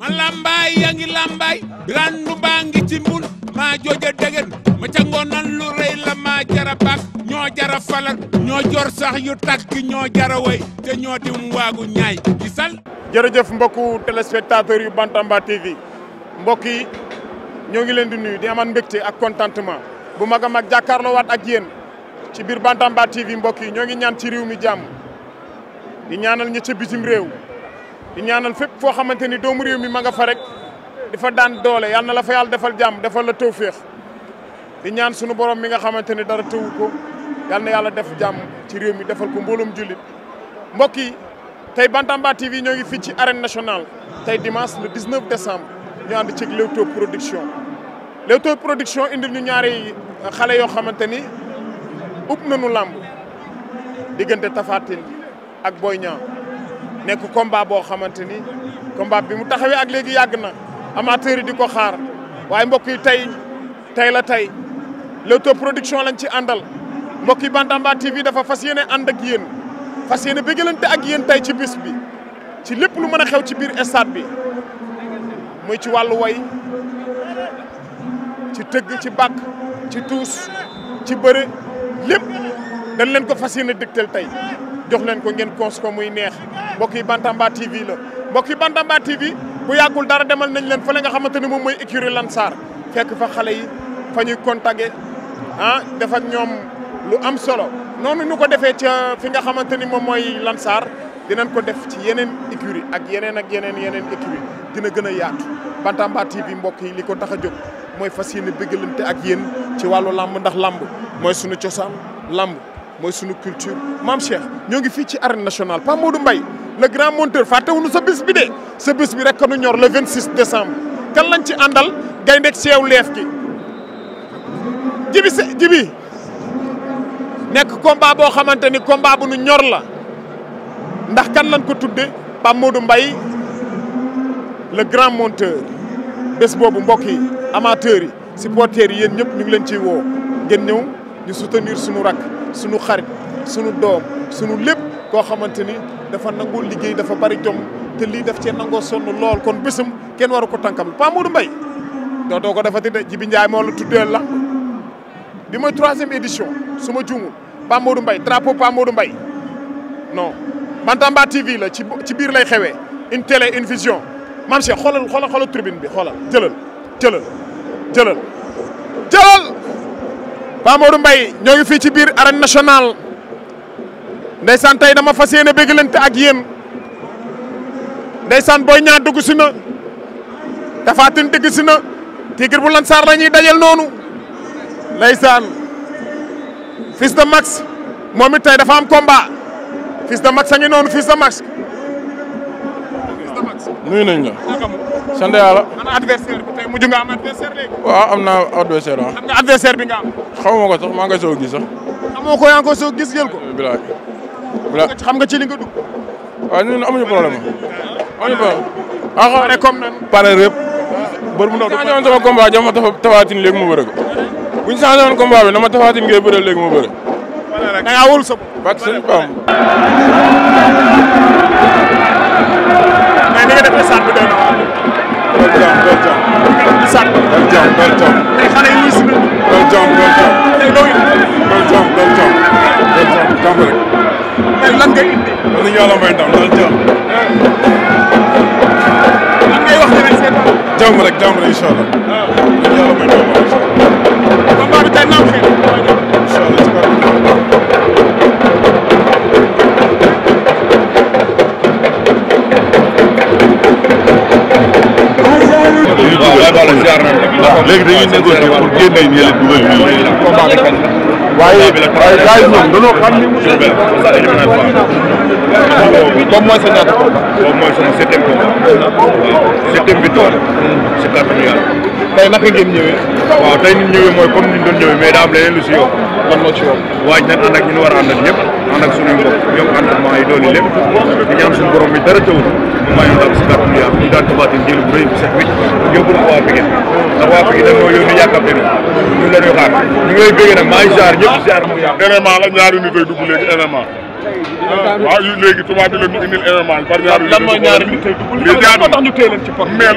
ma lambaay yaa ngi lambaay randu baa ngi ci mbul maa jooja degen ma ca ngoonan lu rëy la maa jara baak ñoo jara falal ñoo jor sax yu takk ñoo jara way te ñoo di mu waagu ñaay gisal jërëjëf mbokku téléspectateurs yu Bantamba TV mbokk yi ñoo ngi leen di nuyu di aman mbégte ak contentement bu mag a mag jàkkaarloowaat ak yéen ci biir Bantamba TV mbokk yi ñoo ngi ñaan ci réew mi jàmm di ñaanal ñi ca bitim réew di ñaanal fépp foo xamante ni doomu réew mi ma nga fa rek di daan doole yàlla na la fa yàlla defal jàmm defal la tawféex di ñaan sunu borom mi nga xamante ni dara tëwu ko yàlla na yàlla def jàmm ci réew mi defal ko mbooloom jullit mbokk yi tey Bantamba TV ñoo ngi fii ci arène nationale tey dimanche le 19 décembre ñu ànd ci Leewtoo production Leewtoo production indi ñu ñaari xale yoo xamante ni ub nañu làmb diggante Tapha ak Boy Niang nekk combat boo xamante ni combat bi mu taxawee ak léegi yàgg na amateur di ko xaar waaye mbokk yi tey tey la tey Leewtoo production lañ ci àndal mbokk yi Bantamba TV dafa fas yéene ànd ak yéen fas yéene bëggalante ak yéen tey ci bisbi ci lépp lu mën a xew ci biir stade bi muy ci wàllu way ci tëgg ci bàkk ci tuus ci bëre lépp dañ leen ko fas yéene dégtal tey jox leen ko ngeen cons ko muy neex mbokk yi Bantamba TV la mbokk yi Bantamba TV bu yàggul dara demal nañ leen fële nga xamante ni moom mooy écurie Lansar fekk fa xale yi fa ñuy contacter ah def ñoom lu am solo noonu ñu ko defee ci fi nga xamante ni moom mooy Lansar dinañ ko def ci yeneen écurie ak yeneen ak yeneen yeneen écurie dina gën a yaatu Bantamba TV mbokk yi li ko tax a jóg mooy fas yéene bëggalante ak yéen ci wàllu làmb ndax làmb mooy suñu cosaan làmb mooy sunu culture maam Cheikh ñoo ngi fii ci arène national Pa Modou Mbaye le grand monteur fàttewuñu sa bis bi de sa bi rek kanu ñor le 26 décembre kan lañ ci àndal gaynde ak seew leef gi jibi sa jibi nekk combat boo xamante ni combat bu nu ñor la ndax kan lañ ko tudde Pa Modou Mbaye le grand monteur bés boobu mbokk yi amateurs yi supporters yéen ñëpp ñu ngi leen ciy woo ngeen ñëw ñu soutenir sunu rakk sunu xarit sunu doom sunu lépp koo xamante ni dafa nangoo liggéey dafa bari jom te lii daf cee nangoo sonn lool kon bésam kenn waru ko tànkam Pa Modou Mbaye doo doo ko defati de Jibi Ndiaye moo la tuddee la bi mooy troisième édition su ma juumul Pa mbay Mbaye drapeau du mbay Mbaye non Bantamba TV la ci ci biir lay xewee une télé une vision maam Cheikh xoolal xoolal xoolal tribune bi xoolal jëlal jëlal jëlal Pa Modou Mbaye ñoo ngi fii ci biir arène nationale ndeysaan tey dama fas yéene bégalante ak yéen ndeysaan Boy ñaar dëgg si na Tapha Tine dugg si na Tigre bu Lansar la ñuy dajal noonu ndeysaan Fils de Max moom it tey dafa am combat Fils de Max a ngi noonu Fils de Max nuyu nañ la. sant yàlla. ana adversaire bi tey mujj ah. bi nga am. xamuma ko sax maa ngi a gis sax. xamoo ko yaa ngi koy soog a gis jël ko. bilaay bilaay xam ci li nga dugg. waaw ñun amuñu problème amuñu ah, bu ndaw du changé woon sama combat ma tafaatin ngay bëre léegi mu bëre. sa bopp. parce nga def stade bi doy na waar. doy jàmm doy jàmm. nga def stade bi. doy jàmm doy jàmm. tey xale yi ñuy si biir. doy jàmm doy jàmm. tey doo indi. doy jàmm doy jàmm. doy jàmm jàmm rek. tey lan nga indi. lan la ñu yàlla may ndam doy jàmm. lan ngay wax tamit seen. jàmm rek jàmm rek incha allah. lan la ñu yàlla may ndam incha allah. combat bi tey naam xel. léegi dañuy négocier pour génne ñële dugal waaye waaye gars yi ñoom dañoo xam ni. boobu mooy sa ñaata combat. boobu mooy sama septième combat. septième victoire. si kàttanu yàlla. tey naka ngeen ñëwee. waaw tey ñu ñëwee mooy comme ni ñu doon ñëwee mais daa am leneen lu si yokk. kon moo ci yokk. waaj nañ ànd ak ñu war a àndal ñëpp. ànd ak suñuy mbokk ñoom entraînement yi doole lépp. di ñaan suñu borom bi dara tawul. mu may si kàttanu yàlla ñu daal tabaatin jël bu rëy bu set wicc yóbbu na ko waa Pikine. ndax waa Pikine dañoo yónni yàkkamte ñu ñu ñëpp ziar mu yàqu. MMA la ñaari nit ay dugg léegi MMA. Ah, léegi tubaab la ñu indil MMA par ñaari nit. li jaadu tax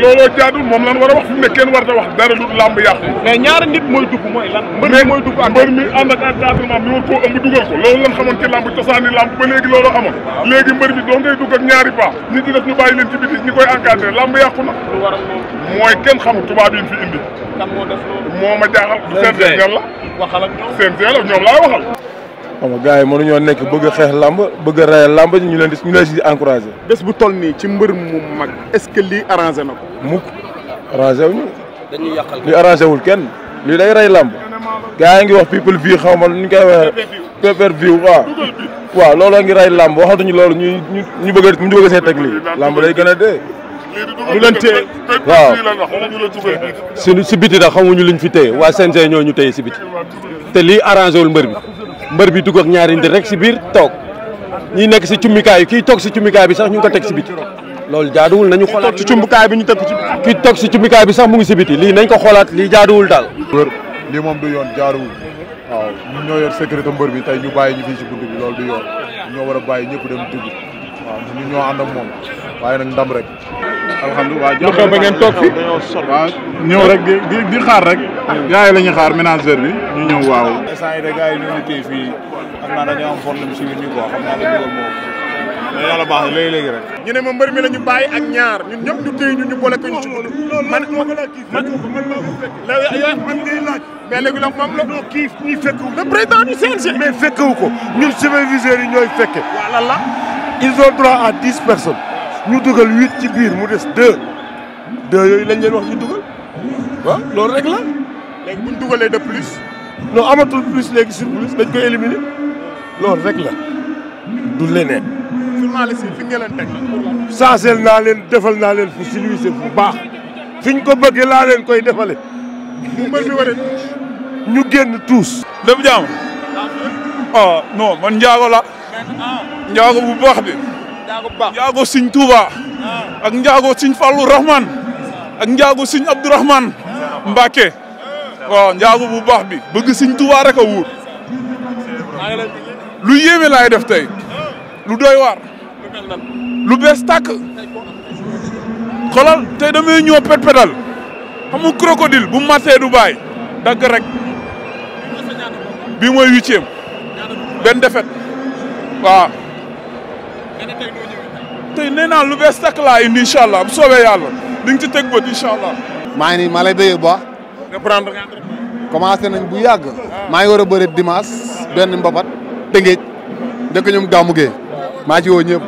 looloo jaadu moom lan war a wax fi mu warta wax dara lu làmb yàqu. mais ñaari nit mooy dugg mooy mi mooy ak mbër mi war koo ëmb dugal ko loolu lan xamoon ci làmb cosaani làmb ba léegi loolu amoon. léegi mbër bi doo dugg ak ñaari paa ñi ci def ñu bàyyi leen ci biti ñi koy encadré làmb yàqu na mooy kenn xamul tubaab kan moo def loolu. moo ma jaaxal. a la waxal a ñoom CNG a ñoom laay waxal. xam nga gars nekk bëgg a xeex làmb bëgg a rayal làmb ñu leen di ñu leen si bu toll nii ci mbër mu mag est que lii arrangé na ko. mukk arrangé wu ñu. dañuy wul kenn lii day ray làmb. gars yi ngi wax people view xaw ma nu ñu koy waxee. people view waaw. loolu looloo ngi ray làmb waxatuñu loolu ñu ñu ñu bëgg a ñu bëgg a see teg lii. day gën a dee. lu leen téye waaw si si biti da xamuñu ñu fi teye waa CNG ñoo ñu téye si biti te lii arrangé wul mbër bi mbër bi dugg ak ñaari ndir si biir toog ñu nekk si cummikaay yi kii toog si cummikaay bi sax ñu ngi ko teg si biti loolu jaaduwul nañu xoolaat toog si cummikaay bi ñu teg ci kii toog si cummikaay bi sax mu ngi si biti lii nañ ko xoolaat lii jaaduwul daal lii moom du yoon jaaduwul waaw ñun ñoo yor sécurité mbër bi tey ñu bàyyi ñu fii si bunt bi loolu du yoon ñoo war a bàyyi ñëpp dem dugg waaw ñu ñoo ànd ak moom waaye nag ndam rek alhamdulilah lu xew ba ngeen toog fi. waaw ñëw rek di di xaar rek. gars yi xaar ménageur bi ñu ñëw waaw. instant yi de gars yi ñu ngi téye fii xam naa dañoo am problème si biir ma mbër mi la ñu bàyyi ak ñaar ñun ñëpp ñu téye ñu boole ko ñu ci. man man man man ngay laaj. mais léegi nag moom la. non kii ñuy fekkewu ko. le président du CNG. mais ñooy fekke. waaw lan la. ils ont droit à dix personnes. ñu dugal huit ci biir mu des deux deux yooyu lañ leen wax ñu dugal waaw loolu rek la léegi bu dugalee de plus non amatul plus léegi sur plus dañ koy éliminer loolu rek la du leneen. journaliste yi fi saaseel naa leen defal naa leen fu civilisé fu baax fi ko bëggee laa leen koy defale mu mën mi waree ñu génn tous. lépp jàmm. ah non man njaago la. Ah. njaago bu baax bi. njaago bu baax njaago sëñ Touba. Ah. ak njaago siñ Fallou Rahman. Ah. ak njaago siñ Abdourahman ah. Mbacke. waaw njaago bu baax bi bëgg sëñ Touba rek a wóor. laay def tey. lu doy waar. lu bees tàkk. xolal tey damay ñëw pet petal xam bu matee du bàyyi dagg rek bii mooy huitième benn defet tey nee naa lu bees takk laa indi incha allah bu soobee yàlla di nga ci teg bët incha allah. maa ngi nii maa lay béyee bu baax. reprendre nga bu yàgg. maa ngi war a bëri dimanche benn mbapat tëngeej dëkk ñoom gàmmu gee maa ci woo ñëpp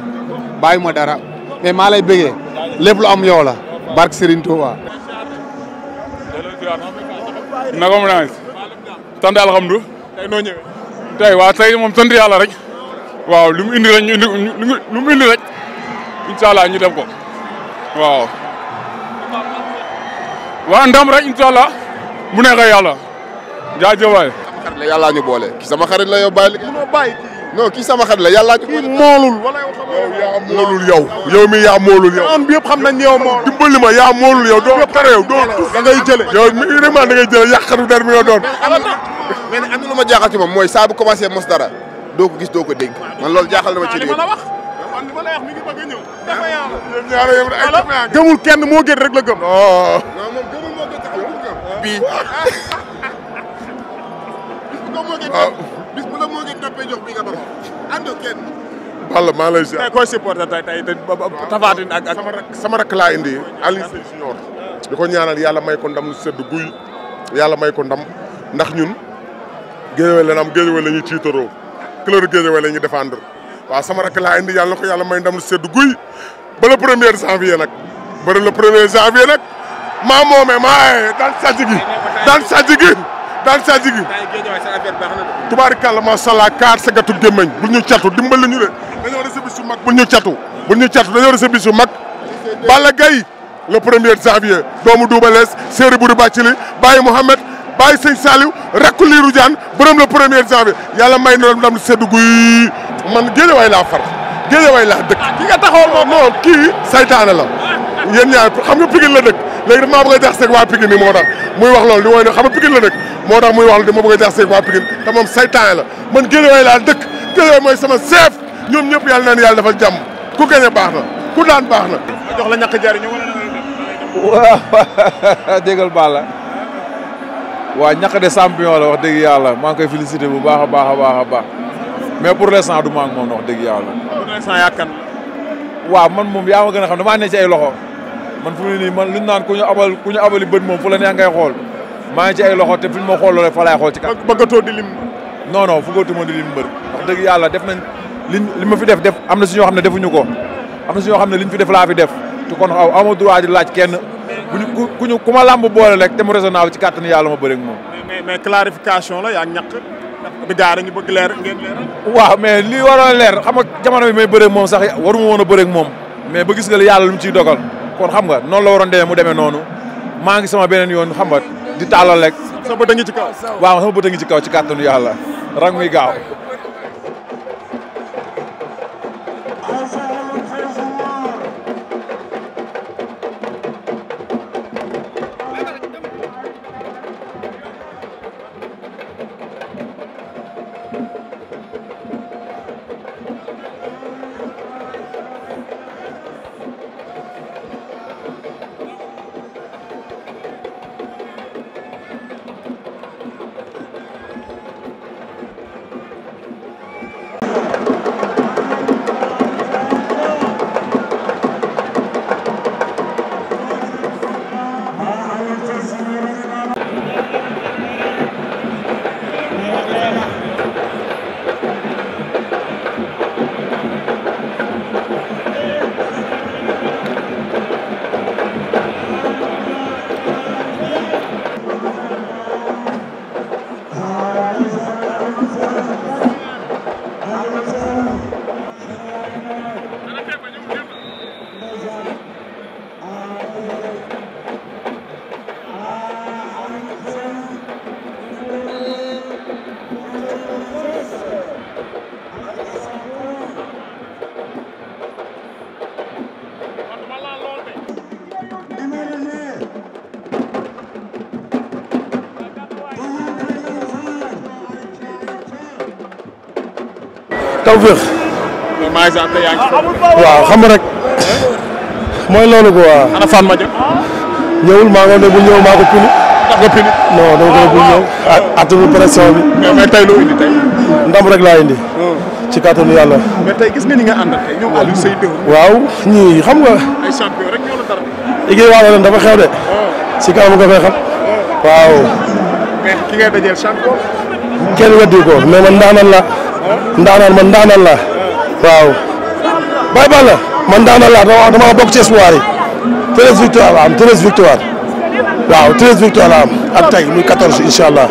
dara mais maa lay béyee lépp lu am yow la barke Serigne Touba. naka mu naan waa tey moom sant yàlla rek. waaw lu mu indi rek. incha allah ñu def ko waaw. waaw ndam rek incha allah bu neexee yàlla jaajëf waay. xarit la yàllaa ñu boole sama xarit la yow bàyyi liggéey. non bàyyi non kii sama xarit la yàllaa ñu boole. kii moolul yow xam nga yaa moolul yow. yow mi yaa moolul yow. am bi yëpp xam nañ ne yow moolul. dimbali ma yaa moolul yow doo tere yow doo. da ngay jële yow mi vraiment da ngay jële yàqatu der mi nga doon. mais am na lu ma jaaxal ci moom mooy saa bu commencé mos dara doo ko gis doo ko dégg man loolu jaaxal na ma ci lii. man li kenn moo gën rek la gëm. bi nga bëgg ànd kenn. Balla maa lay ziar tey koy sama rak sama indi Alioune Sèye Junior. ñaanal yàlla may ko ndam sedd guy yàlla may ko ndam ndax ñun géejewaay la ñu am géejewaay la ñuy tiitaroo couleur géejewaay la ñuy waaw sama rakk laa indi yàlla na ko yàlla may ndam sedd guy ba le premier janvier nag bëri le premier janvier nag maa moomee maa aaye daan sàcc gi daan sàcc gi daan tubaari kàlla macha allah sa gàttu gémmañ bul ñu catu dimbali ñu de dañoo war a service yu mag bul ñu catu bul ñu catu dañoo war a mag Balla Gaye le premier janvier doomu Double Less buri bàccili Baye Mohamed Baye Sëñ Saliou rakku Lirou Diane borom le premier janvier yàlla may na man géejawaay laa far géejawaay laa dëkk. Ah, ki nga taxawal moom non kii saytaane la yéen ñaar xam nga Pikine la dëkk léegi daf maa bëgg a jax seeg waa Pikine moo tax muy wax loolu di ne xam nga moo tax muy wax loolu di ma bëgg a jax seeg waa Pikine te moom saytaane la man géejawaay laa dëkk géejawaay mooy sama chef ñoom ñëpp yàlla neen yàlla dafa jàmm ku gañe baax na ku daan baax na. jox la ñàkk jariñu waaw déggal baal la waa ñaq de champion la wax dëgg yàlla maa ngi koy félicité bu baax a baax a baax a baax mais pour l'instant du ma ak moom wax dëgg yàlla. waaw man moom yaa ma gën a xam damaa ne ay loxo man fu mu man lu ñu naan ku abal ku ñu abali bët moom fu la neex ngay xool maa ay loxo te fi ñu ma xool rek fa laay xool ci kan. bëggatoo di lim. non non fuggatuma di lim mbër wax dëgg yàlla def nañ liñ li ma fi def def am na si ñoo xam ne defuñu ko am na si ñoo xam ne liñ fi def laa fi def te kon aw ama droit laaj kenn buñu ku ñu ku ma boole rek te mu raisonnable ci kàttanu yàlla ma bëri moom. mais mais clarification la yaa ñàkk bidaa dañu bëgg leer waaw mais li waroon leer xam nga jamono bi may bëreeg moom sax waruma woon a bëreeg moom mais ba gis nga yàlla lu mu ciy dogal kon xam nga noonu la waroon demee mu demee noonu maa ngi sama beneen yoon xam nga di tàllal rek. sa bët a ngi ci kaw. waaw sama bët a ngi ci kaw ci kàttanu yàlla rang muy gaaw. waaw xam rek mooy loolu quoi. ana ma jëm. ñëwul maa ngoon ne bu ñëw maa ko pini. ndax nga pini. non dama ko ne bu ñëw. Ah. atul pression bi. mais mais tey loo indi tey. ndam rek laa indi. Oh. ci kàttanu yàlla. mais tey gis nga ñi nga àndal tey waaw ñii xam nga. ay champion rek ñoo la xew de. si kaw ma ko fay xam. Oh. waaw. mais ki ngay ko mais man ndaanal la. ndaanaan man ndaanaan laa waaw. Baye Balla man ndaanaan laa dama dama bokk ci espoir yi treize victoire la am treize victoire waaw treize victoire la am ak tey muy quatorze incha allah.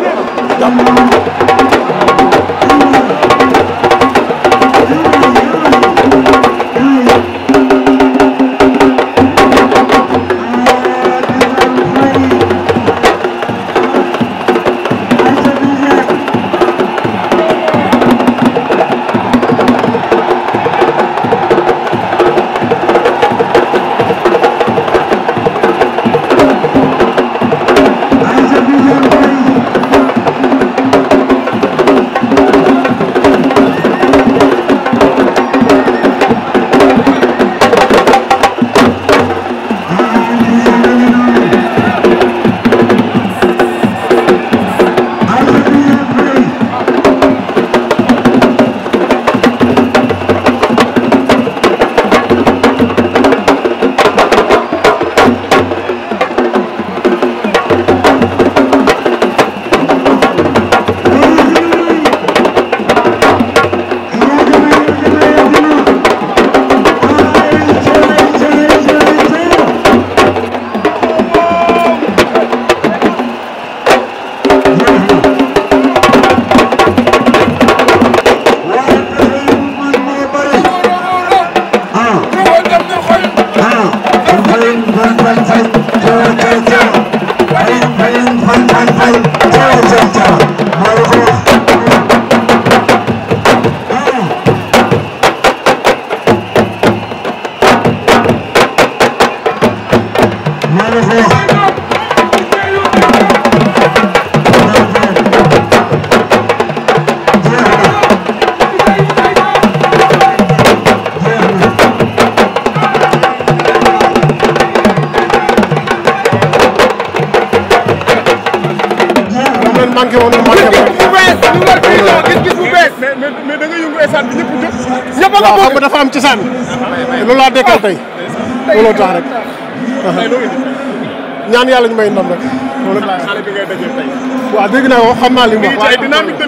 ñaan yàlla ñu may ndam rek. loolu la xale bi ngay dajeel tey. waaw dégg naa ko xam naa li mu wax. waaw dynamique de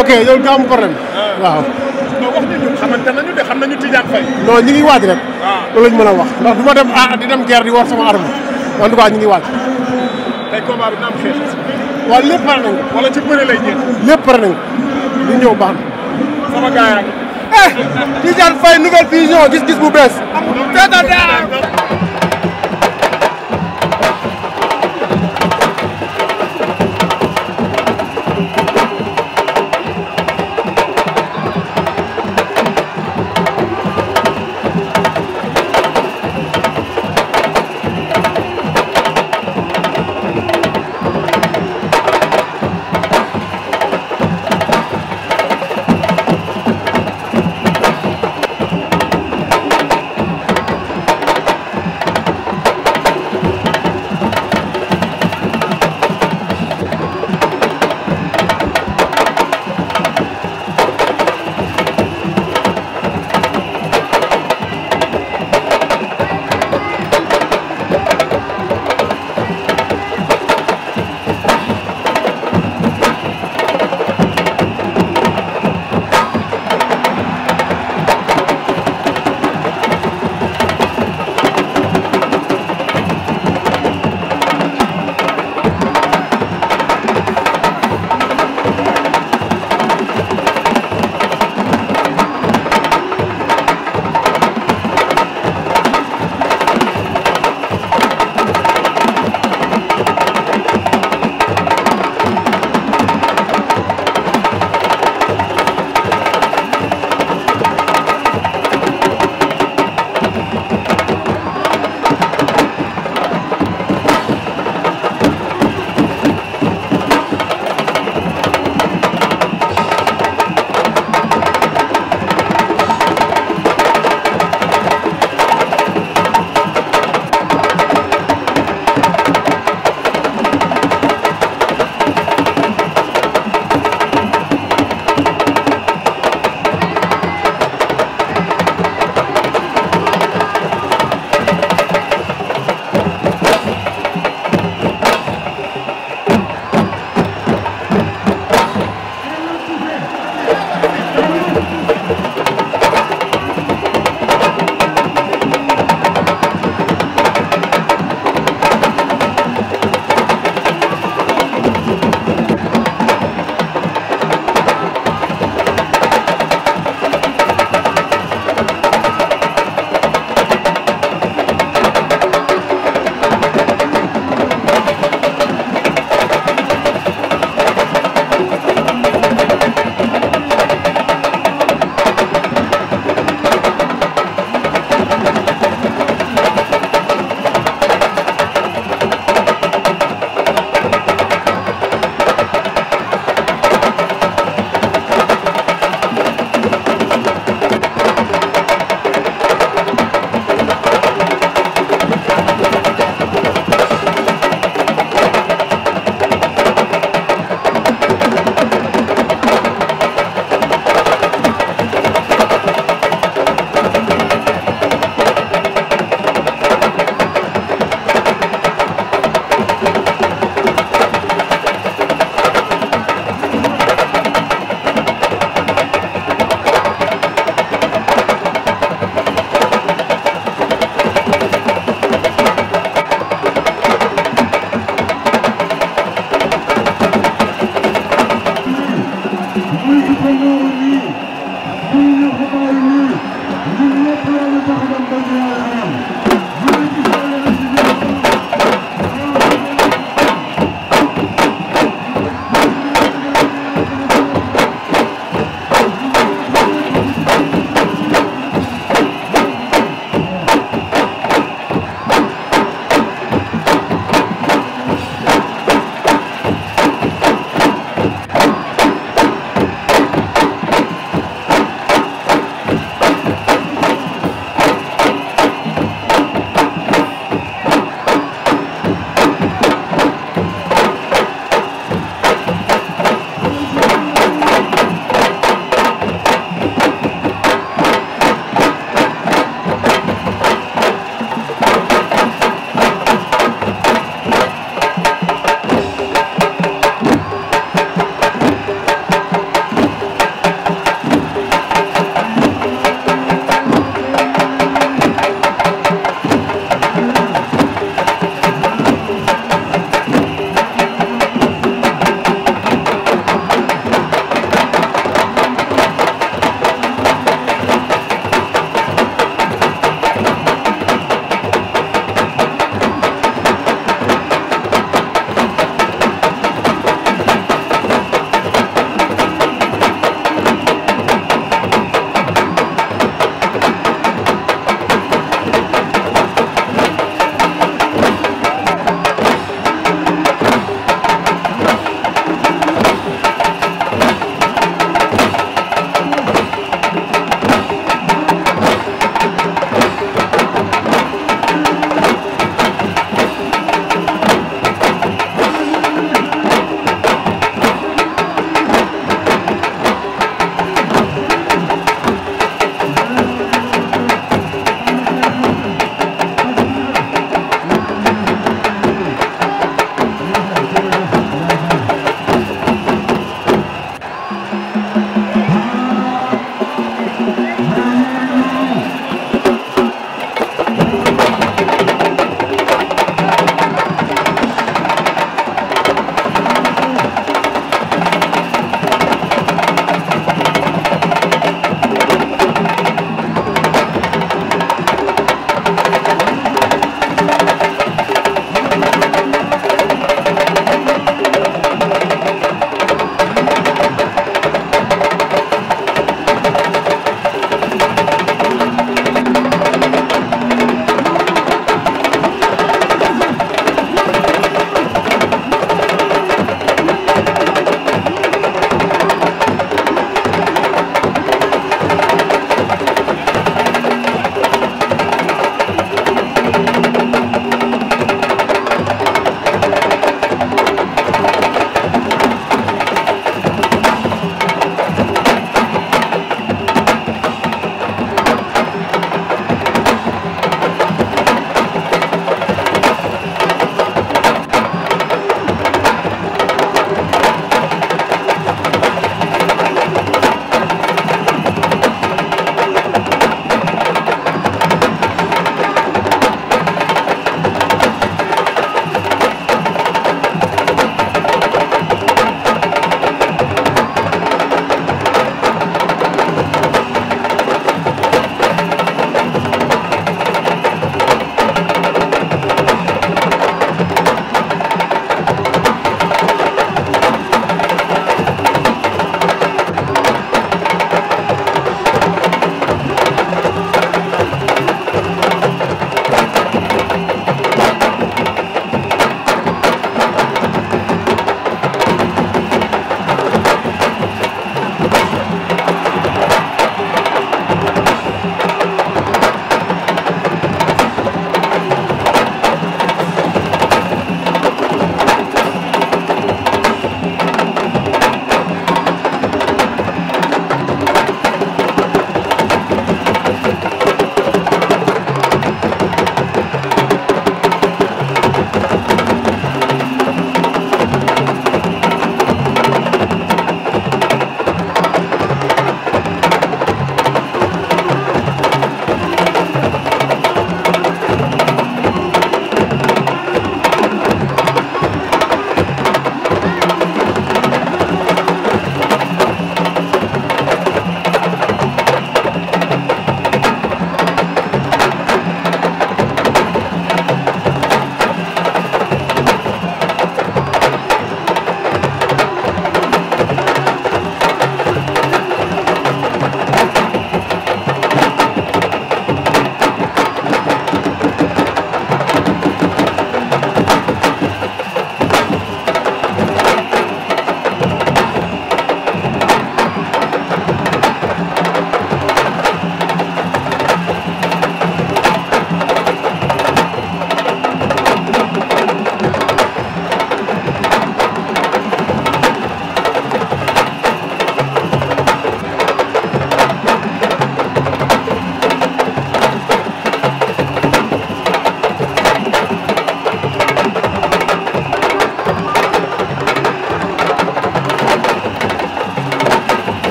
ok yow nga am problème. Ah. waaw. non wax ñu xamante nañu de waaj rek. waaw ah. loolu lañ a wax. ma dem ah di dem guerre di war sama arme en tout cas ñu ngi waaj. tey combat bi dina am xeex. waaw lépp pare nañ ko. wala ci bëre lay ñeent. lépp pare nañ ko ñu ñëw baax na. sama gars yaa ngi. eh Tidiane Faye gis-gis bu bees. amul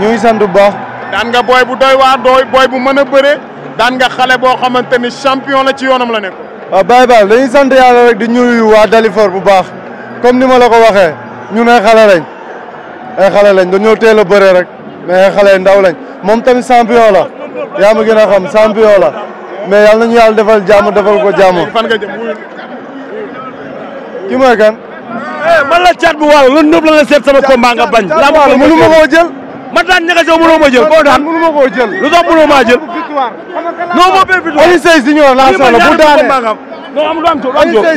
ñu ngi sant bu baax. daan nga booy bu doy waar dooy booy bu mën a bëre daan nga xale boo xamante ni champion la ci yoonam la nekk. waaw ah, Baye Baal dañuy sant yàlla rek di ñuyu waa Dalifort bu baax comme ni ma la ko waxee ñun ay xale lañ ay xale lañ dañoo teel a bëre rek mais ay xale ndaw lañ moom tamit champion la yaa ma gën a xam champion la mais yàlla nañu yàlla defal jàmm defal ko jàmm. fan nga jëm ki mooy kan. Eh, man la caat bu waalo lan nëb la la seet sama combat nga ma daan ñaga soo mënoo ma jël koo daan mënuma koo jël lu tax mënoo maa jël non moo bee victoire Alioune Seye Junior laa soxla bu daanee non am lu am coow am coow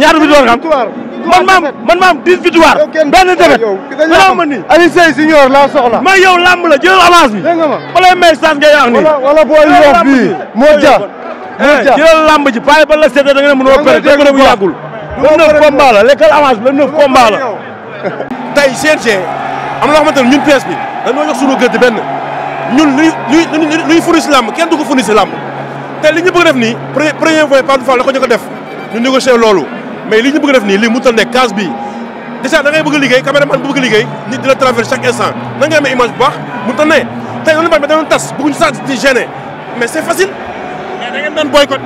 ñaata man maam man maam dix victoire benn défaite dañu ma ni Alioune Seye Junior laa soxla la jël avance balay may chance ngay wax nii wala booy eh, ji bàyyi ba la seetee da nga ne mënoo perte dëgg la bu le neuf combat la lekkal avance le neuf combat la. tey CNG na loo xamante ne ñun presse bi dañoo jox suñu gëdd benn ñun luy luy luy fourni si kenn du ko fourni si te li ñu bëgg def nii premier premier volet Pape Fall la ko ñu ko def ñu négocier loolu mais li ñu bëgg def nii lii mu toll nekk case bii dèjà da ngay bëgg liggéey caméraman bu bëgg liggéey nit di la traverser chaque instant na nga amee image bu baax mu toll ne tey loolu ba dañoo tas bëgguñu sax di gêner mais c'est facile. mais da ngeen doon boycott.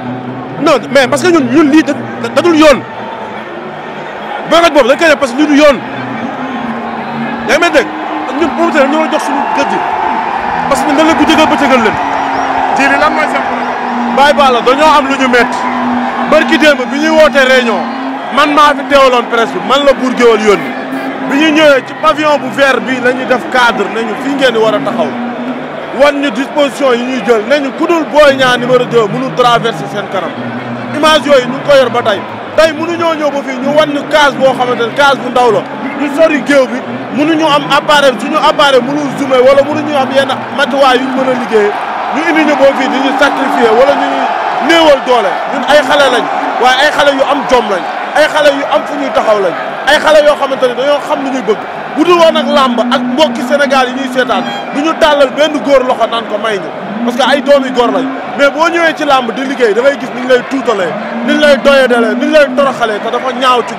non parce que ñun da yoon. boycott boobu dañ koy def parce que lii du yoon yaa ngi may dégg ñun promoteur ñu war a jox suñu gëdd parce que nan la guddeegal bëccëgal leen. ji li lan mooy seen problème. bàyyi ba la am lu ñu métti barki démb bi ñuy wootee réunion man maa fi teewaloon presse bi man la buur géwal yónni bi ñu ñëwee ci pavillon bu vert bi la ñuy def cadre nañu fi ngeen war a taxaw wan ñu disposition yi ñuy jël nañu ku dul Boy Niang numéro 2 mënu traverser seen kanam image yooyu ñu ngi ko ba tey. tey mënuñoo ñëw ba fii ñu wan ñu case boo xamante ne case bu ndaw la ñu géew bi mënuñu am appareil suñu appareil mënul zoomé wala mënuñu am yenn matuwaay yu mën a liggéeyee ñu indi ñu boo fii di ñu sacrifié wala ñu ñuy néewal doole ñun ay xale lañ waaye ay xale yu am jom lañ ay xale yu am fu ñuy taxaw lañ ay xale yoo xamante ne dañoo xam lu ñuy bëgg bu dul woon ak làmb ak mbokki Sénégal yi ñuy seetaan du ñu tàllal benn góor loxo naan ko may ñu parce que ay doomi góor lañ mais boo ñëwee ci làmb di liggéey da ngay gis ni ñu lay tuutalee ni ñu lay doyedalee ni ñu lay toroxalee te dafa ñaaw ci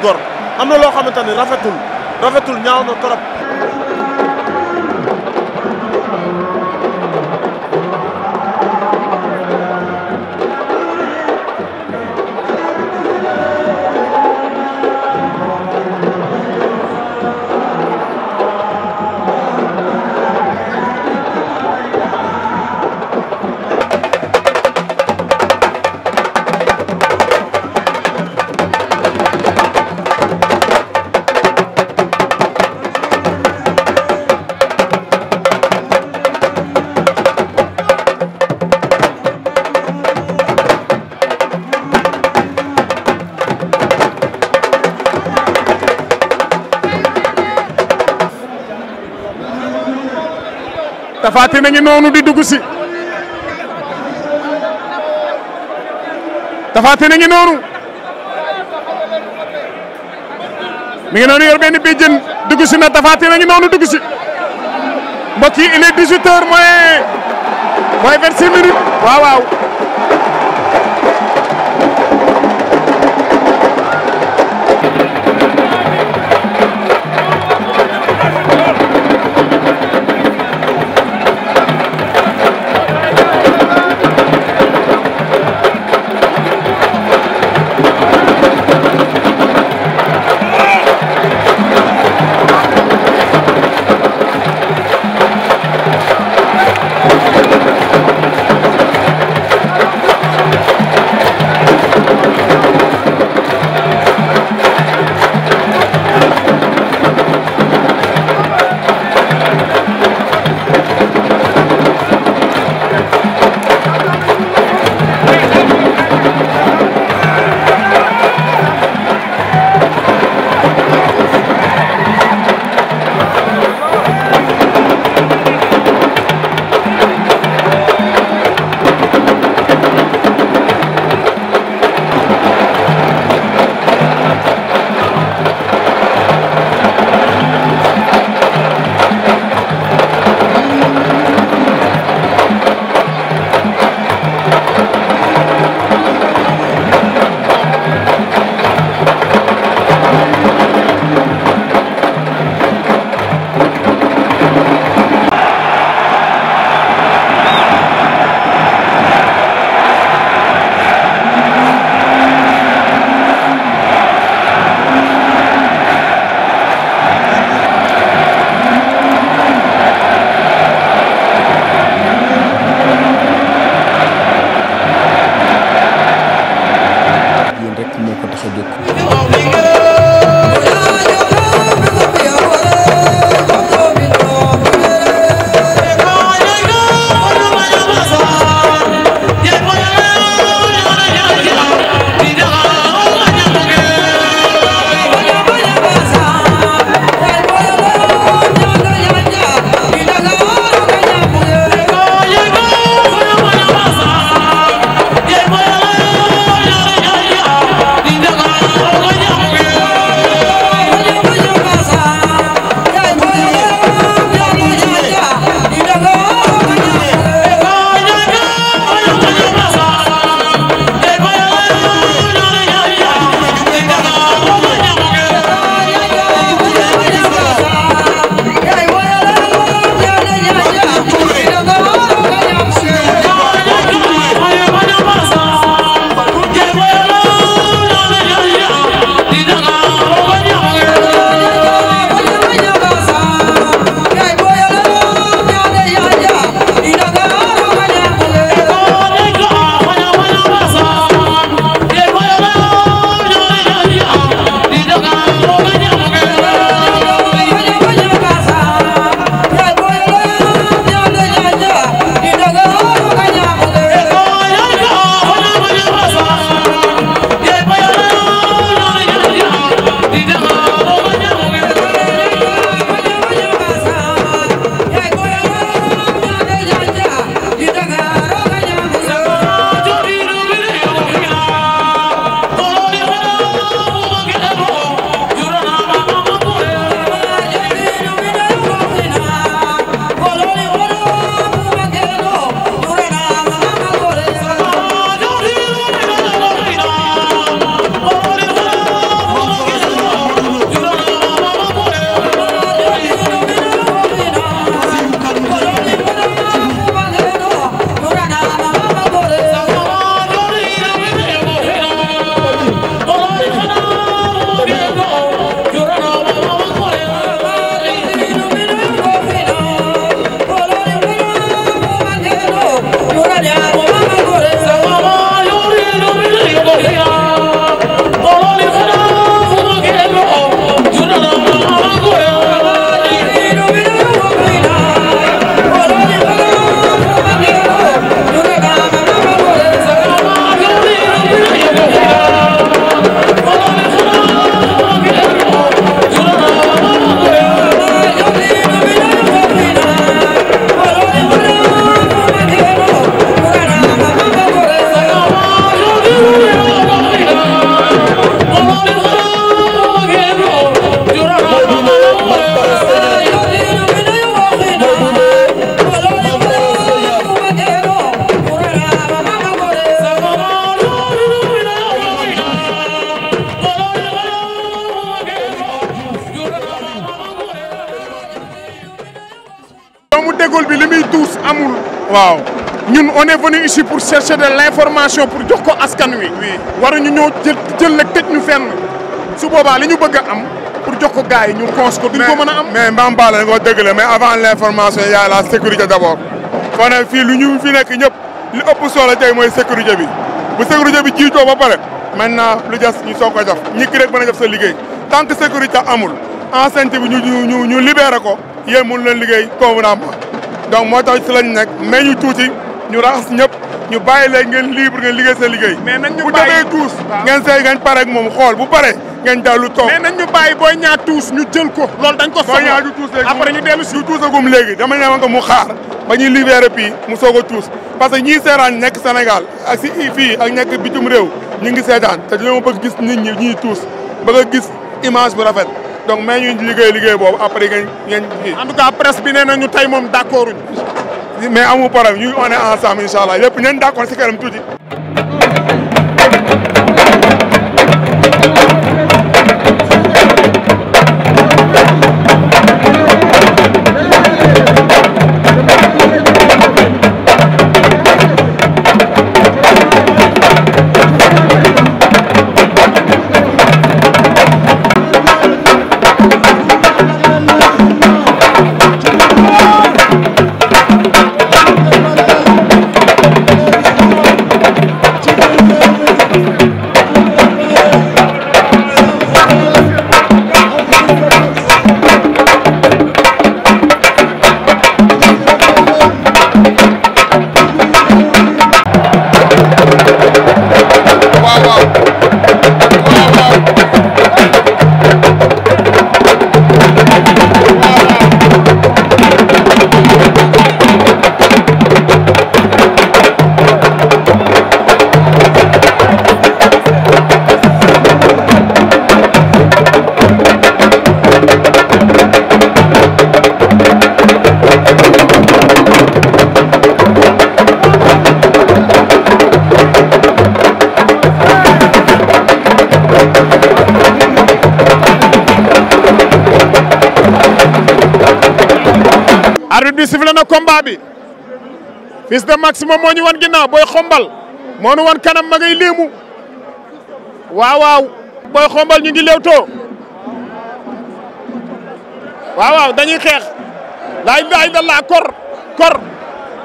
am na loo xamante ni rafetul rafetul ñaaw na trop. Tapha Tine a ngi noonu di dugg si Tapha Tine a ngi noonu mi ngi noonu yor benn béjjën dugg na Tapha Tine ngi noonu dugg si mbokk yi il est 18 heures mooy mooy moo ko tax a jóg. chercher de l'information pour jox ko askan wi. waruñu ñoo jël jël nag ñu fenn su boobaa li ñu bëgg a am pour jox ko gars yi ñu cons ko. duñ ko mën a am mais Mbambala nga ko dëgg la mais avant l'information il y a la sécurité d'abord. foo ne lu ñu fi nekk ñëpp li ëpp solo tey mooy sécurité bi bu sécurité bi jiitoo ba pare naa lu des ñu soog ko def ñi ki rek mën sa liggéey tant que sécurité amul enceinte bi ñu ñu ñu libéré ko yéen mënu leen liggéey convenablement donc moo tax si lañ nekk mais ñu tuuti ñu raxas ñëpp. ñu bàyyi la ngeen libre ngeen liggéey seen liggéey. mais nañ ñu bàyyi bu demee tuus. ngeen say ngeen pare ak moom xool bu pare ngeen dellu toog. mais nañ ñu bàyyi booy ñaar tuus ñu jël ko. loolu dañ ko soxla booy ñaar du tuus léegi après ñu dellu si. du tuusagum léegi dama ne ma ko mu xaar ba ñuy libéré fii mu soog a tuus parce que ñiy seeraan nekk Sénégal ak si fii ak nekk bitim réew ñu ngi seetaan te dañoo bëgg gis nit ñi ñuy tuus bëgg a gis image bu rafet donc mais ñu liggéey liggéey boobu après ngeen ngeen en tout cas presse bi nee na ñu tey moom d'accorduñ mais amul problème ñu on est ensemble incha allah lépp ñeen d'accord si kanam tuuti jeexal na combat bi Fils de Max moom moo ñu Boy Xombal moo ñu wan kanam ma ngay waaw waaw Boy Xombal ñu ngi léewtoo waaw waaw dañuy xeex laa ilaaha illallaah kor kor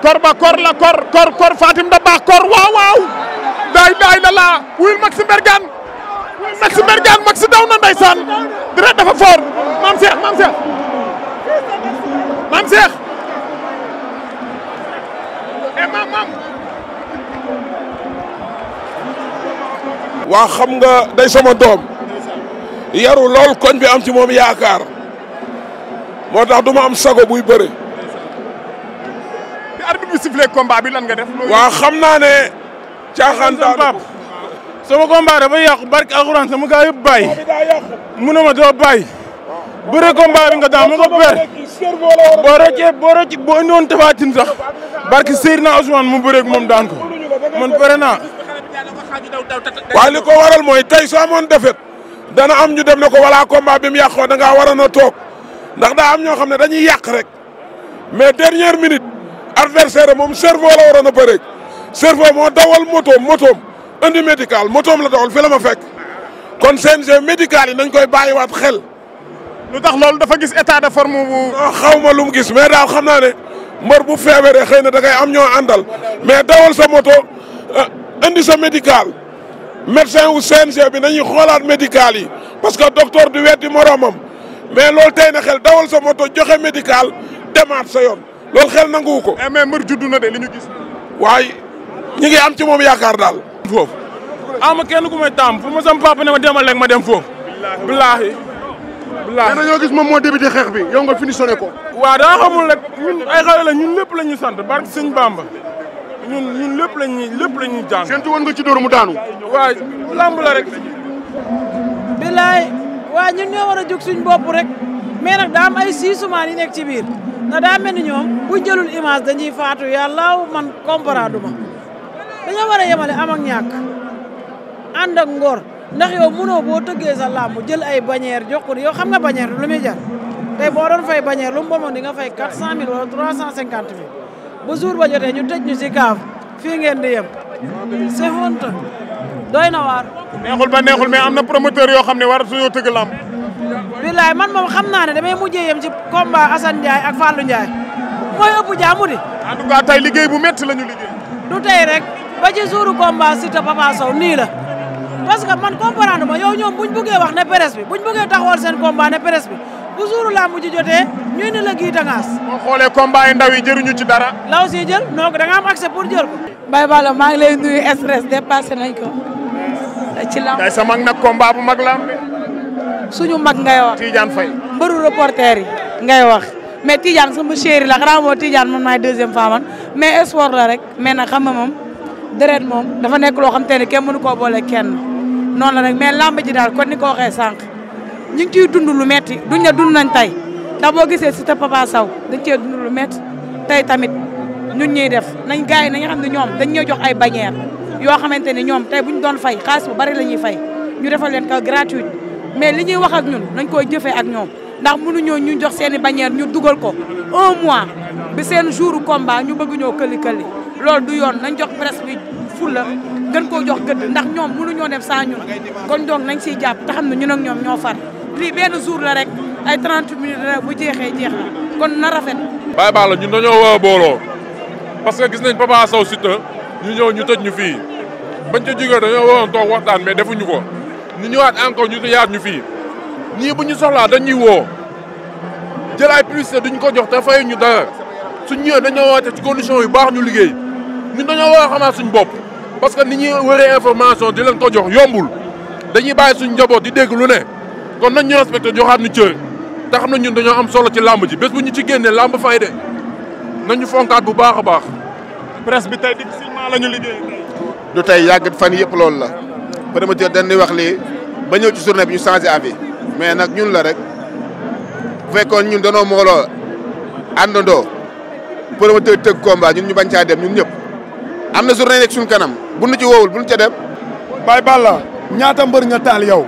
kor ba kor la kor kor kor da baax kor waaw waaw laa ilaaha illallaah wuyul Max Mbergane Max Mbergane daw na ndeysaan deret dafa foor maam Cheikh maam Cheikh waa xam nga day sama doom yaru lool koñ bi am ci moom yaakaar moo tax du ma am sago buy bëre. bi arbitre bi sifflé combat def. waa xam naa ne caaxaan daal sama combat dafa yàqu barke alxuraan sama gars yëpp bàyyi mu ne ma doo bàyyi bëre combat bi nga daan ma ko per boo rëccee boo rëcc boo indiwoon Tapha Tine sax barke Seydina Ousmane mu bëreeg moom daan ko man pare naa. waaye li ko waral mooy tey soo amoon defet dana am ñu dem na ko wala combat bi mu yàqoo da ngaa toog ndax daa am ñoo xam ne dañuy yàq rek mais dernière minute adversaire moom servo la waroon a bëreeg cerveau moo dawal motoom motoom indi médical motoom la dawal fi la ma fekk kon CNG médical yi dañ koy bàyyiwaat xel. lu tax loolu dafa gis état de forme bu. xaw ma lu mu gis mais daal xam naa ne mbër bu feebaree xëy na da ngay am ñoo àndal mais dawal sa moto euh, indi sa médical médecin wu CNG bi nañuy xoolaat médical yi parce que docteur du weddi moroomam mais loolu tey na xel dawal sa moto joxe médical demaat sa yoon loolu xel nanguwu ko. Eh, mais mbër juddu na de li ñu gis. waaye ñi ngi am ci moom yaakaar daal. foofu ama kenn ku may taam fu ma sama papa ne ma demal rek ma dem foofu. billaahi billaahi. mais dañoo gis moom moo débuté xeex bi yow nga finitionné ko. waaw daa xamul rek ñun ay xale la ñun lépp la ñuy sant barke Sëñ Bamba. ñun ñun lépp lañ ñuy lépp lañ ñuy jàng. séntu woon nga ci dóor mu daanu. waaye lamb la rek. bilaay waaye ñun ñoo war a jóg suñ bopp rek mais nag daa am ay siisumaan yi nekk ci biir na daa mel ni ñoom bu jëlul image dañuy faatu yàlla man comprendre ma dañoo war a yemale am ak ñàkk ànd ak ngor ndax yow mënoo boo tëggee sa mu jël ay bannière jox yoo xam nga bannière lu muy jar tey boo doon fay bannière lu mu bomoon di nga fay quatre cent trois cent cinquante bu jour ba jote ñu tëj ñu ci kaaf fii ngeen di yem c'est honte doy na waar. neexul ba neexul mais am na promoteur yoo xam ne war suñoo tëgg lamb. billaay man moom xam naa ne damay mujjee yem ci combat Assane Ndiaye ak Fallou Ndiaye mooy ëpp jaamu di. en tout cas tey liggéey bu métti la ñu liggéey. du tey rek ba ci jouru combat Siteu Papa Sow nii la parce que man comprendre ma yow ñoom buñ bëggee wax ne presse bi buñ bëggee taxawal seen combat ne bi bu jouru ñu indi la Guy Tangaas. boo xoolee combat yi jër yi ci dara. law si jël donc da nga am accès pour jël ko. maa ngi lay nuyu stress dépassé nañ ko. ci lamb kay sa mag nag combat bu mag la suñu mag ngay wax. Tidiane Faye. mbëru reporter yi ngay wax mais Tidiane sama chéri la xanaa moo Tidiane man maay deuxième femme man mais sport rek mais na xam nga moom deret moom dafa nekk loo xam te ne kenn mënu koo boole kenn noonu la rek mais lamb ji daal kon ni ko waxee sànq ñu dund lu metti duñ ne dund nañ tey. ndax boo gisee Siteu Papa Sow saw cee dund lu métti tey tamit ñun ñuy def nañ gars yi nañ xam ne ñoom dañ ñoo jox ay bannière yoo xamante ne ñoom tey bu ñu doon fay xaalis bu bari la fay ñu defal leen ko gratuit mais li ñuy wax ak ñun nañ koy jëfee ak ñoom ndax mu mënuñoo ñu jox seen i bannière ñu dugal ko un mois bi seen jour combat ñu bëgg ñoo këli këli loolu du yoon nañ jox presse bi fulla gën koo jox gëdd ndax ñoom ñoo def saa ñun kon doon nañ siy jàpp te xam ne ñun ak ñoom ñoo far lii benn jour la rek ay 30 minutes la bu jeexee jeex na kon na rafet. Baye Balla ñun dañoo war a booloo parce que gis nañ Papa Sow Siteu ñu ñëw ñu tëj ñu fii bañ ca jógee dañoo waroon toog waxtaan mais defuñu ko ñu ñëwaat encore ñu tëjaat ñu fii ñii bu ñu soxlaa dañuy woo jël ay publicité duñ ko jox te fayu ñu dara suñ ñëwee dañoo woote ci condition yu baax ñu liggéey ñun dañoo war a xamaat suñ bopp parce que ni ñuy wëree information di leen ko jox yombul dañuy bàyyi suñ njaboot di dégg lu ne. kon nañ ñu respecté joxaat ñu cër te xam na ñun dañoo am solo ci làmb ji bés bu ñu ci génnee làmb fay de nañu fonkaat bu baax a baax. presse bi tey difficilement la liggéey du tey yàgg fan yëpp loolu la. promoteur dañ di wax lii ba ñëw ci journée bi ñu changé avis mais nag ñun la rek bu fekkoon ñun danoo mooloo àndandoo promoteur tëgg combat ñun ñu bañ caa dem ñun ñëpp am na journée nekk suñ kanam bu nu ci woowul bu nu ca dem. Baye Balla ñaata mbër nga taal yow.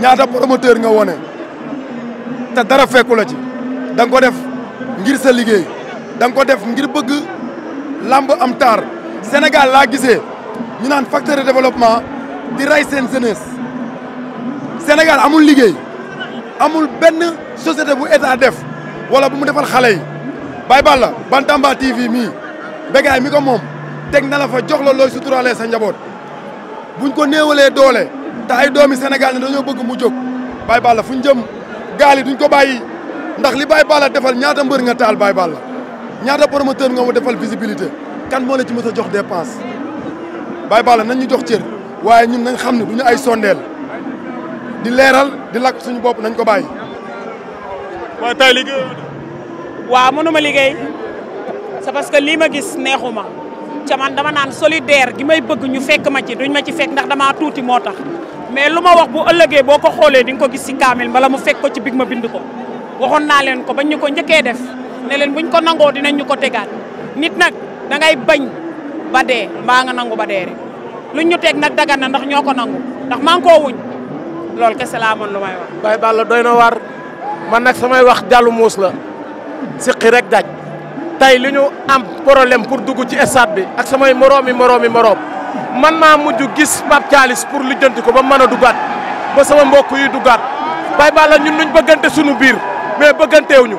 ñaata promoteur nga wone te dara fekku la ci da nga ko def ngir sa liggéey da nga def ngir bëgg làmb am taar Sénégal laa gisee ñu naan facteur de développement di ray seen jeunesse Sénégal amul liggéey amul benn société bu état def wala bu mu defal xale yi bay balla Bantamba TV mii bégaay mi ko moom teg na la fa jox la looy sa njaboot buñ ko néewalee doole te ay doomi Sénégal ne dañoo bëgg mu jóg Baye Balla fu ñu jëm gaal yi duñ ko bàyyi ndax li Baye Balla defal ñaata mbër nga taal Baye Balla ñaata promoteur nga mu defal visibilité kan moo la ci mës a jox dépense baay Balla nañ ñu jox cër waaye ñun nañ xam ne du ñu ay sondeel di leeral di lakk suñu bopp nañ ko bàyyi. waaw tay liggéey. waaw mënuma liggéey c'est parce que lii ma gis neexuma ca man dama naan solideer gi may bëgg ñu fekk ma ci duñ ma ci fekk ndax damaa tuuti moo tax. mais lu ma wax bu ëllëgee boo ko xoolee di nga ko gis si kaamil mbala mu fekk ko ci big ma bind ko waxoon naa leen ko bañ ñu ko njëkkee def ne leen buñ ko nangoo dinañ ñu ko tegaat nit nag da ngay bañ ba dee mbaa nga nangu ba dee luñ ñu teg nag dagan na ndax ñoo ko nangu ndax maa ngi koo wuñ loolu kese laa amoon lu may wax. Baye Balla doy na waar man nag samay wax jàllu muus la siqi rek daj tey li ñu am problème pour dugg ci stade bi ak samay moroomi moroomi moroom. man maa mujj gis Pape Thialis pour lijjanti ko ba mën a dugaat ba sama mbokk yi dugaat Baye Balla ñun nuñ bëggante suñu biir mais bëgganteewuñu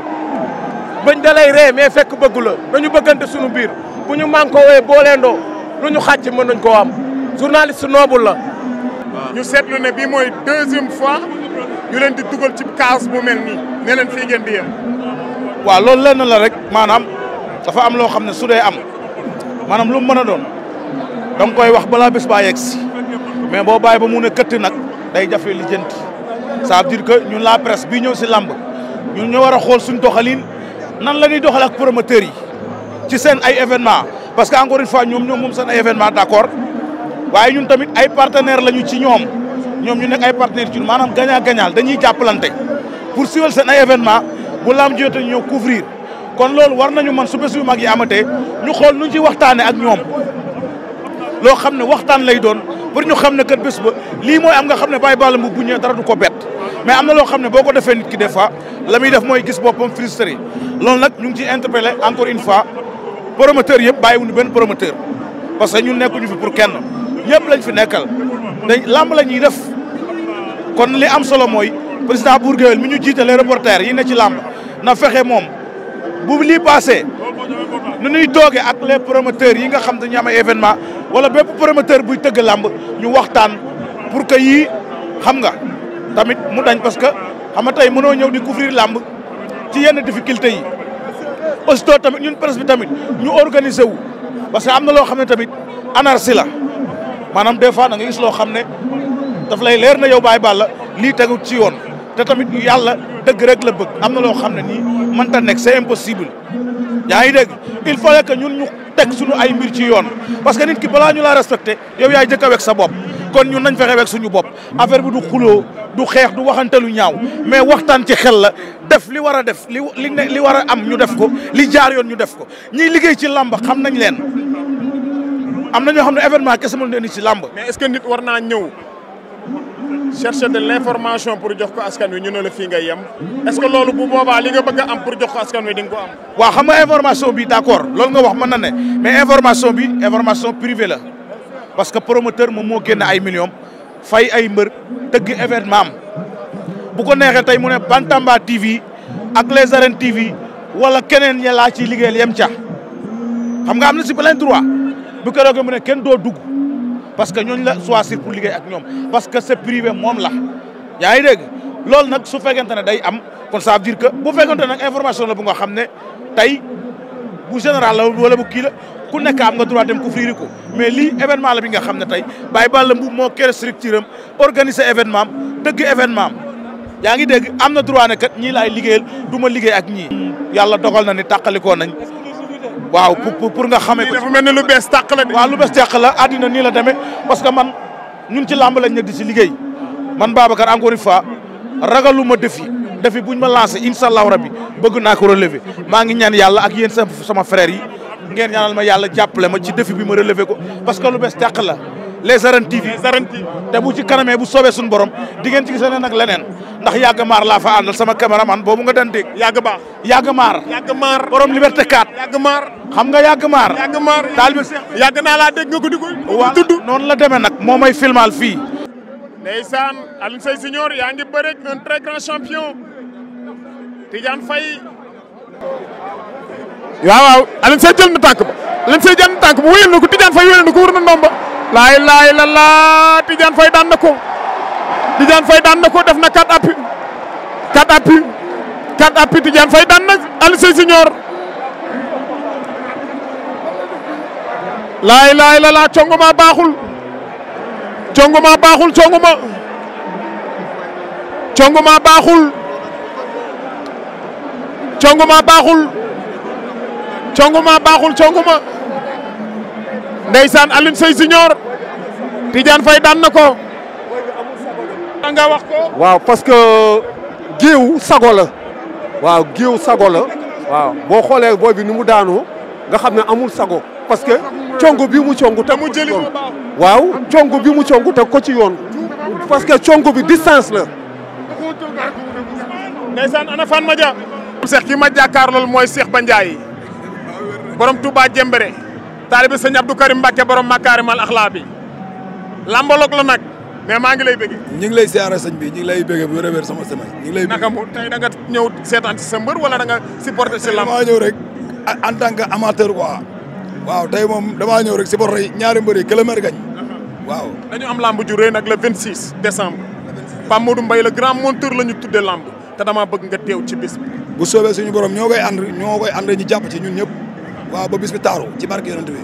bañ da lay ree mais fekk bëggu la dañu bëggante suñu biir bu ñu manko woowe booleendoo lu ñu xàcc mën nañ koo am journaliste noobul la ñu seetlu ne bii mooy deuxième fois ñu leen di dugal ci kaas bu mel nii ne leen fii ngeen di yem waaw loolu lenn la rek maanaam dafa am loo xam ne su dee am maanaam lu mu mën a doon da nga wax balaa bés baa yegg si mais boo bàyyi ba mu ne këtt nag day jafe li jënt ça veut dire que ñun la presse bii ñëw si làmb ñun ñu war a xool suñ doxalin nan la ñuy doxal ak promoteurs yi ci seen ay événement parce que encore une fois ñoom ñoom moom seen ay événement d'accord waaye ñun tamit ay partenaire lañu ci ñoom ñoom ñu nekk ay partenaire ci maanaam gagnant gagnant dañuy jàppalante pour siwal seen ay événement bu laam jotee ñëw couvrir kon loolu war nañu man su bés yu mag yi amatee ñu xool nuñ ci waxtaane ak ñoom loo xam ne waxtaan lay doon pour ñu xam ne kat bés ba lii mooy am nga xam ne bàyyi bàllam bu buñee dara du ko bett mais am na loo xam ne boo ko defee nit ki des fois la muy def mooy gis boppam frustré loolu nag ñu ngi ciy interpellé encore une fois promoteur yëpp bàyyiwuñu benn promoteur parce que ñun nekkuñu fi pour kenn ñëpp lañ fi nekkal dañ làmb la ñuy def kon li am solo mooy président Bour Gueweul mi ñu jiite les reporters yi ne ci làmb na fexe moom bu lii passé nu ñuy toogee ak les promoteurs yi nga xam dañu am ay événement wala bépp promoteur buy tëgg làmb ñu waxtaan pour que yii xam nga tamit mu dañ parce que xam nga tey mënoo ñëw di couvrir làmb ci yenn difficulté yi aussitôt tamit ñun presse bi tamit ñu organiser wu parce que am na loo xam ne tamit anarchie la maanaam des fois da nga gis loo xam ne daf lay leer na yow Baye Balla lii tegu ci woon te tamit yàlla dëgg rek la bëgg am na loo xam ne nii mënta nekk c'est impossible yaa ngi dégg il faut que ñun ñu teg suñu ay mbir ci yoon parce que nit ki balaa ñu laa respecté yow yaay jëkk a wek sa bopp kon ñun nañ fexe wek suñu bopp affaire bi du xuloo du xeex du waxantelu ñaaw mais waxtaan ci xel la def li war a def li li ne li war a am ñu def ko li jaar yoon ñu def ko ñii liggéey ci làmb xam nañ leen am na ñoo xam ne événement kese mën na indi ci làmb mais est-ce que nit war naa ñëw chercher de l'information pour jox ko askan wi ñu ne la fii ngay yem loolu bu boobaa li nga bëgg a am pour jox ko askan wi di ko am. waaw xam nga information bi d'accord loolu nga wax mën na mais information bi information privée la parce que promoteur moom moo génn ay millions fay ay mbër tëgg événement am bu neexee tey mu ne Bantamba TV ak les arènes TV wala keneen ña liggéeyal yem ca xam nga am na si plein droit bu ko doogee mu ne parce que ñooñu la choisir pour liggéey ak ñoom parce que c'est privé moom la yaa ngi dégg loolu nag su fekkente ne day am kon ça veut bu fekkente nag information la bu nga xam ne tey bu général la wala bu kii la ku nekk am nga droit dem couvrir ko mais li événement la bi nga xam ne tey Baye Balla Mbuub moo kere structure am organiser événement am dëgg événement am yaa ngi dégg am na droit ne kat ñii laay liggéeyal du ma liggéey ak ñii. yàlla dogal na ni tàqalikoo nañ. waaw pour pour nga xamee ko dafa mel ni lu bees tàq la waaw lu bees tàq la àddina nii la demee parce que man ñun ci làmb lañ ne di si liggéey man Babacar encore une fois ragaluma defi defi buñ ma lancé incha allahu rabi bëgg naa ko relever maa ngi ñaan yàlla ak yéen sama frères yi ngeen ñaanal ma yàlla jàppale ma ci defi bi ma relever ko parce que lu bees tàq la les arènes TV te bu ci kanamee bu soobee suñu borom di ngeen ci gis nag leneen ndax yàgg maar laa fa àndal sama caméraman boobu nga daan dégg yàgg baax yàgg maar yàgg maar borom liberté 4 yàgg maar xam nga yàgg maar yàgg maar daal bi yàgg naa laa dégg nga ko di koy la demee nag moo may filmal fii ndeysaan Alioune Seye Junior yaa ngi bëre un très grand champion Tidiane Faye waaw waaw Alioune Seye jël na tànk ba Alioune Seye na tànk ba wéyal na ko Tidiane Faye wéyal na ko wër na ndomba laa ilaaha illallaah Tidiane Faye daan na ko Tidiane Faye daan na ko def na quatre appuis quatre appuis quatre appuis Tidiane Faye daan na Alioune Seye Junior conguma baaxul conguma baaxul conguma conguma baaxul conguma baaxul conguma baaxul conguma ndeysaan Alioune Seye Junior Tidiane fay daan na ko nga waaw parce que géew sago la waaw géew sago la waaw boo xoolee booy bi ni mu daanoo nga xam ne amul sago parce que congu bi mu congu te mu jëli waaw congu bi mu congu te ko ci yoon parce que congu bi distance la ndeysaan ana fan ma ja Cheikh ki ma jàkkaar lool mooy Cheikh Ba Ndiaye borom Touba Jembere taalibi sëñ Abdou Karim Mbacke borom Makaarimal Axlaa bi lambaloog la nag mais maa ngi lay bëgg. ñu ngi lay siyaare sëñ bi ñu ngi lay bëgg bu wér a wér sama semaine. ñu ngi lay bëgg naka mu tey da nga ñëw seetaan si sa mbër wala da nga si lamb. damaa ñëw rek en tant que amateur quoi. waaw tey moom damaa ñëw rek supporter yi ñaari mbër yi kilomètre gañ. waaw dañu am lamb ju rëy nag le 26 décembre. Pape Modou mbay la grand monteur la ñu tuddee lamb te damaa bëgg nga teew ci bis bi. bu soobee suñu borom ñoo koy ànd ñoo koy ànd ñu jàpp ci ñun ñëpp. waaw ba bis bi taaru ci barke yonent bi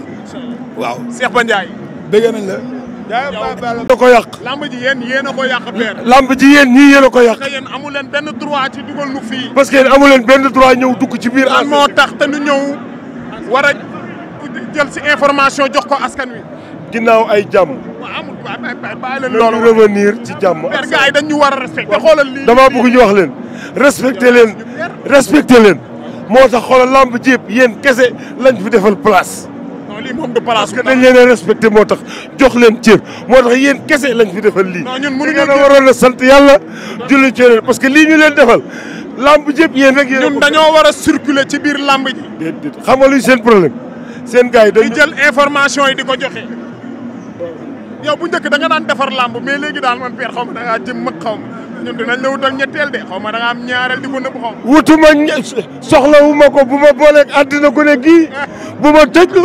waaw Cheikh Ba Ndiaye bëgg nañ la yéen a ko yàq. lamb ji yéen yéen a ko yàq benn. lamb ji yéen ñii yéen a ko yàq. parce que benn droit fii. parce que yéen amu leen benn droit ñëw dugg ci biir. askan moo tax te nu ñëw war a jël si information jox ko askan wi. ginnaaw ay jàmm. waaw amul bàyyi leen loolu revenir ci jàmm. ak gars dañ ñu war a respecté xoolal lii. dama bëgg ñu wax leen respecté leen respecté leen. moo tax xoolal lamb jépp yéen kese lañ fi defal place. non lii moom du place que dañ leen a respecté moo tax jox leen cër moo tax yéen kese lañ fi defal lii. non ñun mënuñu a waroon a sant yàlla. julli ci leen parce lii ñu leen defal lamb jépp yéen rek yéen ñun dañoo war a circuler ci biir lamb ji. déedéet xam nga luy seen problème seen gars yi dañuy jël information yi di ko joxe. yow bu njëkk da nga daan defar lamb mais léegi daal man père xaw ma da ngaa jëm mag xaw ma. ñun dinañ la wutal ñetteel de xaw ma da nga am ñaareel di ko nëbb xaw wutuma soxlawu ma ko bu ma booleeg àddina gone gii bu ma tëjlu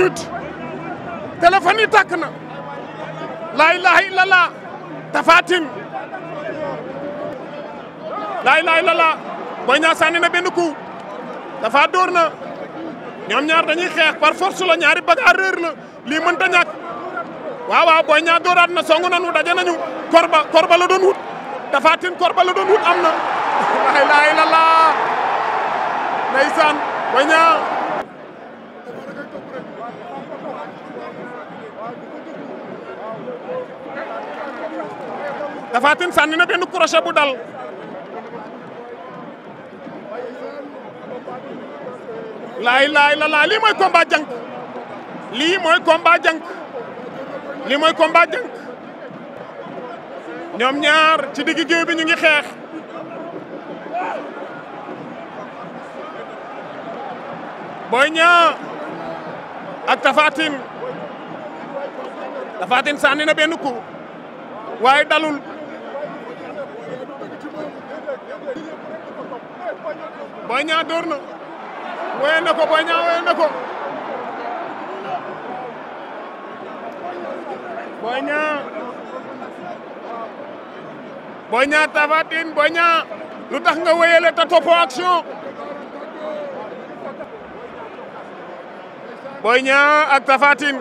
minutes téléphone yi tàkk lay laa ilaha illallah tafatin laa ilaha illallah Boy Niang na benn coup dafa dóor na ñoom ñaar dañuy xeex par force la ñaari bagaar réer na lii mënta ñàkk waaw waaw Boy dóoraat na songu nañu daje nañu korba korba la doon wut tafatin korba la doon wut am na laa ilaha illallah ndeysaan Boy Niang Tapha Tine sànni na benn crochet bu dal laay laay la laa lii mooy combat jànk lii moy combat jànk lii ñoom ñaar ci digg géew bi ñu ngi xeex Boy Niang ak Tapha Tine Tapha Tine sànni na benn coup dalul Boy Niang door na wéy ko Boy Niang wéy na ko Boy Niang Boy Niang Tapha Tine Boy Niang lu tax nga wéyale ta toppoo action Boy Niang ak Tapha Tine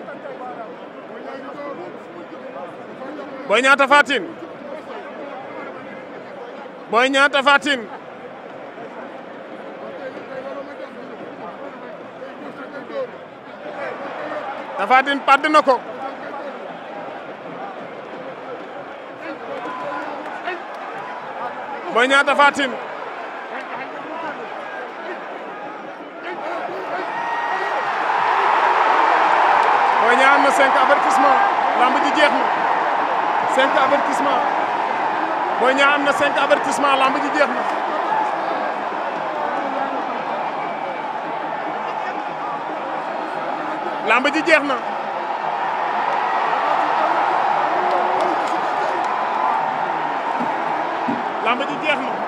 Boy Niang Tapha Tine Boy Tapha Tine padd na ko Boy Niang Tapha Tine Boy Niang am na cinq avertissement lamb ji jeex na cinq avertissement Boy Niang am na cinq avertissement lamb ji jeex na lamb ji jeex na lamb ji jeex na